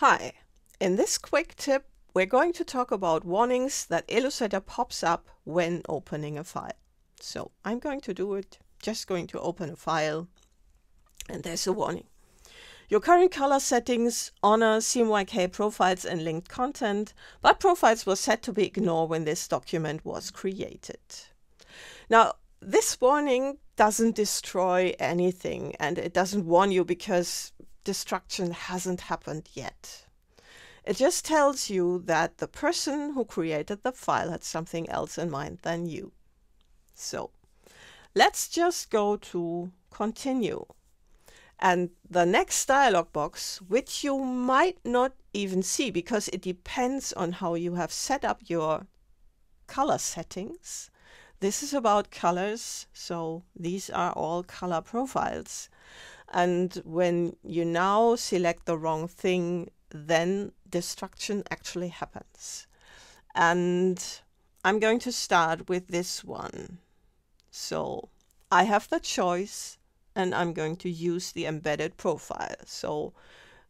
Hi, in this quick tip, we're going to talk about warnings that Illustrator pops up when opening a file. So I'm going to do it, just going to open a file and there's a warning. Your current color settings honor CMYK profiles and linked content, but profiles were set to be ignored when this document was created. Now, this warning doesn't destroy anything and it doesn't warn you because destruction hasn't happened yet. It just tells you that the person who created the file had something else in mind than you. So let's just go to continue. And the next dialog box, which you might not even see because it depends on how you have set up your color settings. This is about colors, so these are all color profiles. And when you now select the wrong thing, then destruction actually happens. And I'm going to start with this one. So I have the choice and I'm going to use the embedded profile. So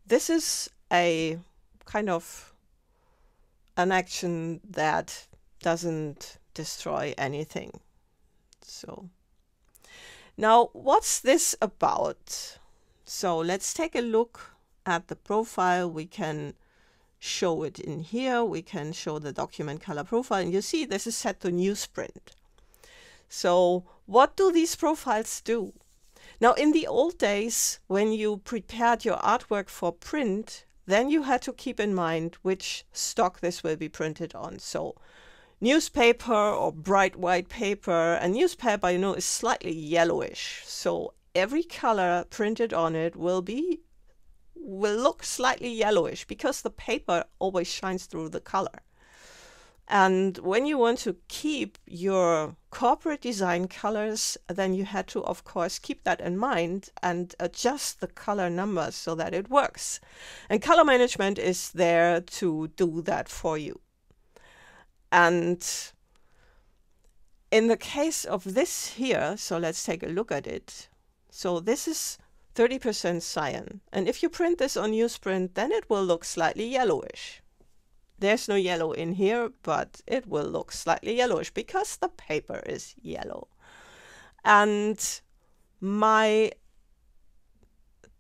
this is a kind of an action that doesn't destroy anything. So now, what's this about? So let's take a look at the profile. We can show it in here. We can show the document color profile. And you see this is set to newsprint. So what do these profiles do? Now, in the old days, when you prepared your artwork for print, then you had to keep in mind which stock this will be printed on. So newspaper or bright white paper. And newspaper, you know, is slightly yellowish. So every color printed on it will be will look slightly yellowish because the paper always shines through the color. And when you want to keep your corporate design colors, then you had to, of course, keep that in mind and adjust the color numbers so that it works. And color management is there to do that for you. And in the case of this here, so let's take a look at it. So this is 30% cyan. And if you print this on newsprint, then it will look slightly yellowish. There's no yellow in here, but it will look slightly yellowish because the paper is yellow. And my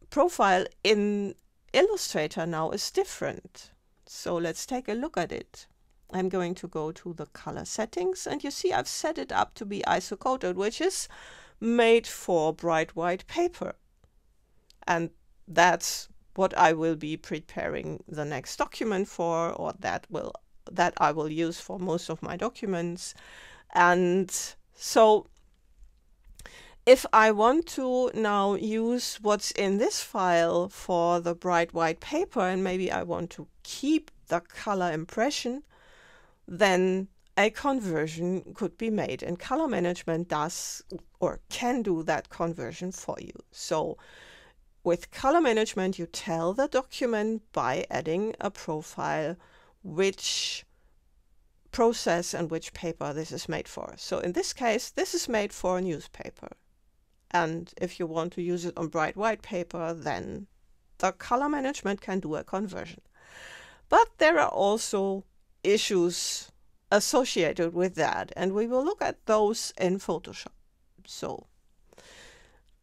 profile in Illustrator now is different. So let's take a look at it. I'm going to go to the color settings and you see I've set it up to be isocoded, which is made for bright white paper. And that's what I will be preparing the next document for, or that will that I will use for most of my documents. And so if I want to now use what's in this file for the bright white paper, and maybe I want to keep the color impression, then a conversion could be made. And color management does or can do that conversion for you. So with color management, you tell the document by adding a profile which process and which paper this is made for. So in this case, this is made for a newspaper. And if you want to use it on bright white paper, then the color management can do a conversion. But there are also issues associated with that. And we will look at those in Photoshop. So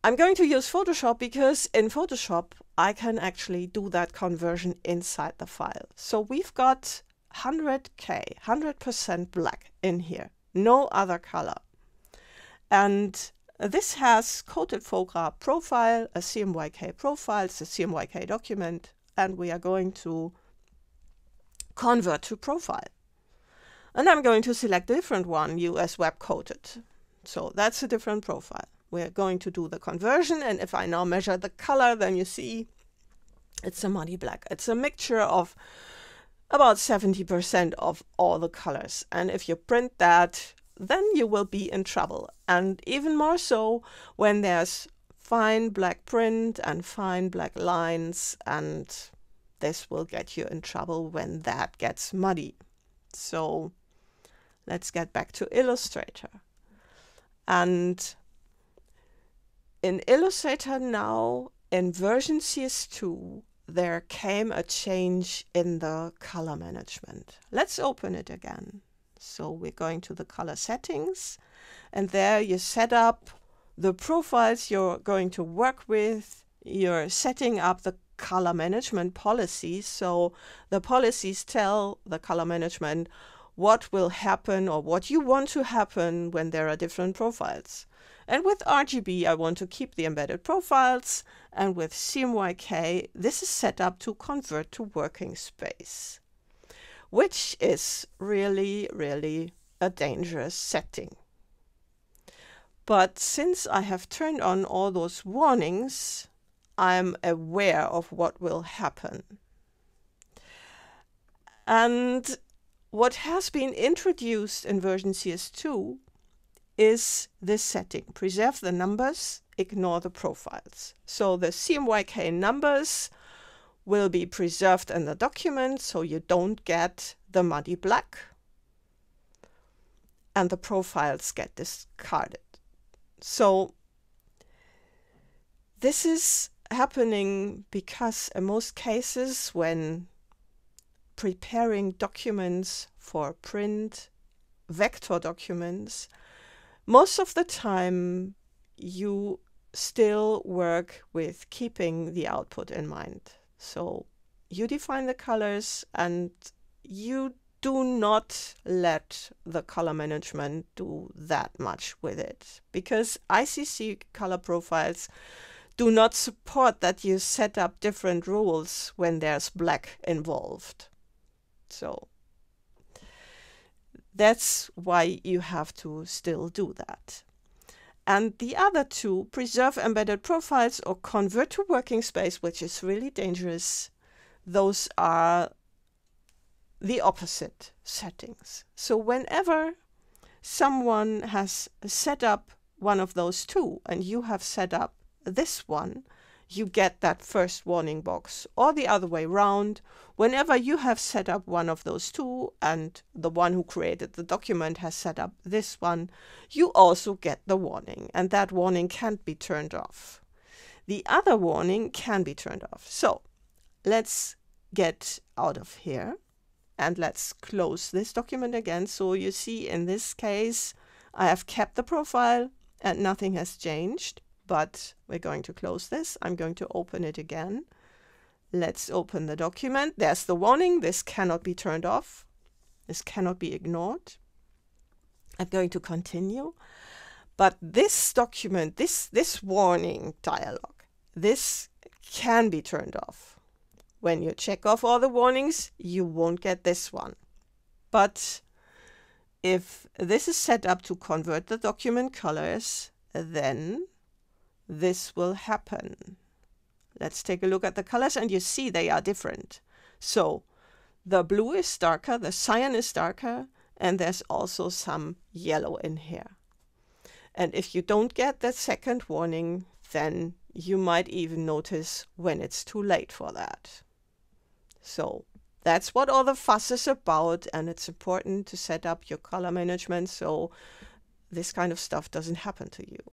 I'm going to use Photoshop because in Photoshop, I can actually do that conversion inside the file. So we've got 100K, 100% black in here, no other color. And this has coated Fogra profile, a CMYK profile, it's a CMYK document, and we are going to convert to profile. And I'm going to select a different one, US web coded. So that's a different profile. We're going to do the conversion. And if I now measure the color, then you see it's a muddy black. It's a mixture of about 70% of all the colors. And if you print that, then you will be in trouble. And even more so when there's fine black print and fine black lines and this will get you in trouble when that gets muddy. So let's get back to Illustrator. And in Illustrator now, in version CS2, there came a change in the color management. Let's open it again. So we're going to the color settings and there you set up the profiles you're going to work with. You're setting up the color management policies. So the policies tell the color management what will happen or what you want to happen when there are different profiles. And with RGB, I want to keep the embedded profiles. And with CMYK, this is set up to convert to working space, which is really, really a dangerous setting. But since I have turned on all those warnings, I'm aware of what will happen. And what has been introduced in version CS2 is this setting. Preserve the numbers, ignore the profiles. So the CMYK numbers will be preserved in the document so you don't get the muddy black and the profiles get discarded. So this is happening because in most cases when preparing documents for print, vector documents, most of the time you still work with keeping the output in mind. So you define the colors and you do not let the color management do that much with it because ICC color profiles do not support that you set up different rules when there's black involved. So that's why you have to still do that. And the other two, preserve embedded profiles or convert to working space, which is really dangerous. Those are the opposite settings. So whenever someone has set up one of those two and you have set up this one, you get that first warning box or the other way round. Whenever you have set up one of those two and the one who created the document has set up this one, you also get the warning and that warning can't be turned off. The other warning can be turned off. So let's get out of here and let's close this document again. So you see in this case, I have kept the profile and nothing has changed but we're going to close this. I'm going to open it again. Let's open the document. There's the warning. This cannot be turned off. This cannot be ignored. I'm going to continue. But this document, this, this warning dialog, this can be turned off. When you check off all the warnings, you won't get this one. But if this is set up to convert the document colors, then this will happen. Let's take a look at the colors and you see they are different. So the blue is darker, the cyan is darker, and there's also some yellow in here. And if you don't get that second warning, then you might even notice when it's too late for that. So that's what all the fuss is about. And it's important to set up your color management so this kind of stuff doesn't happen to you.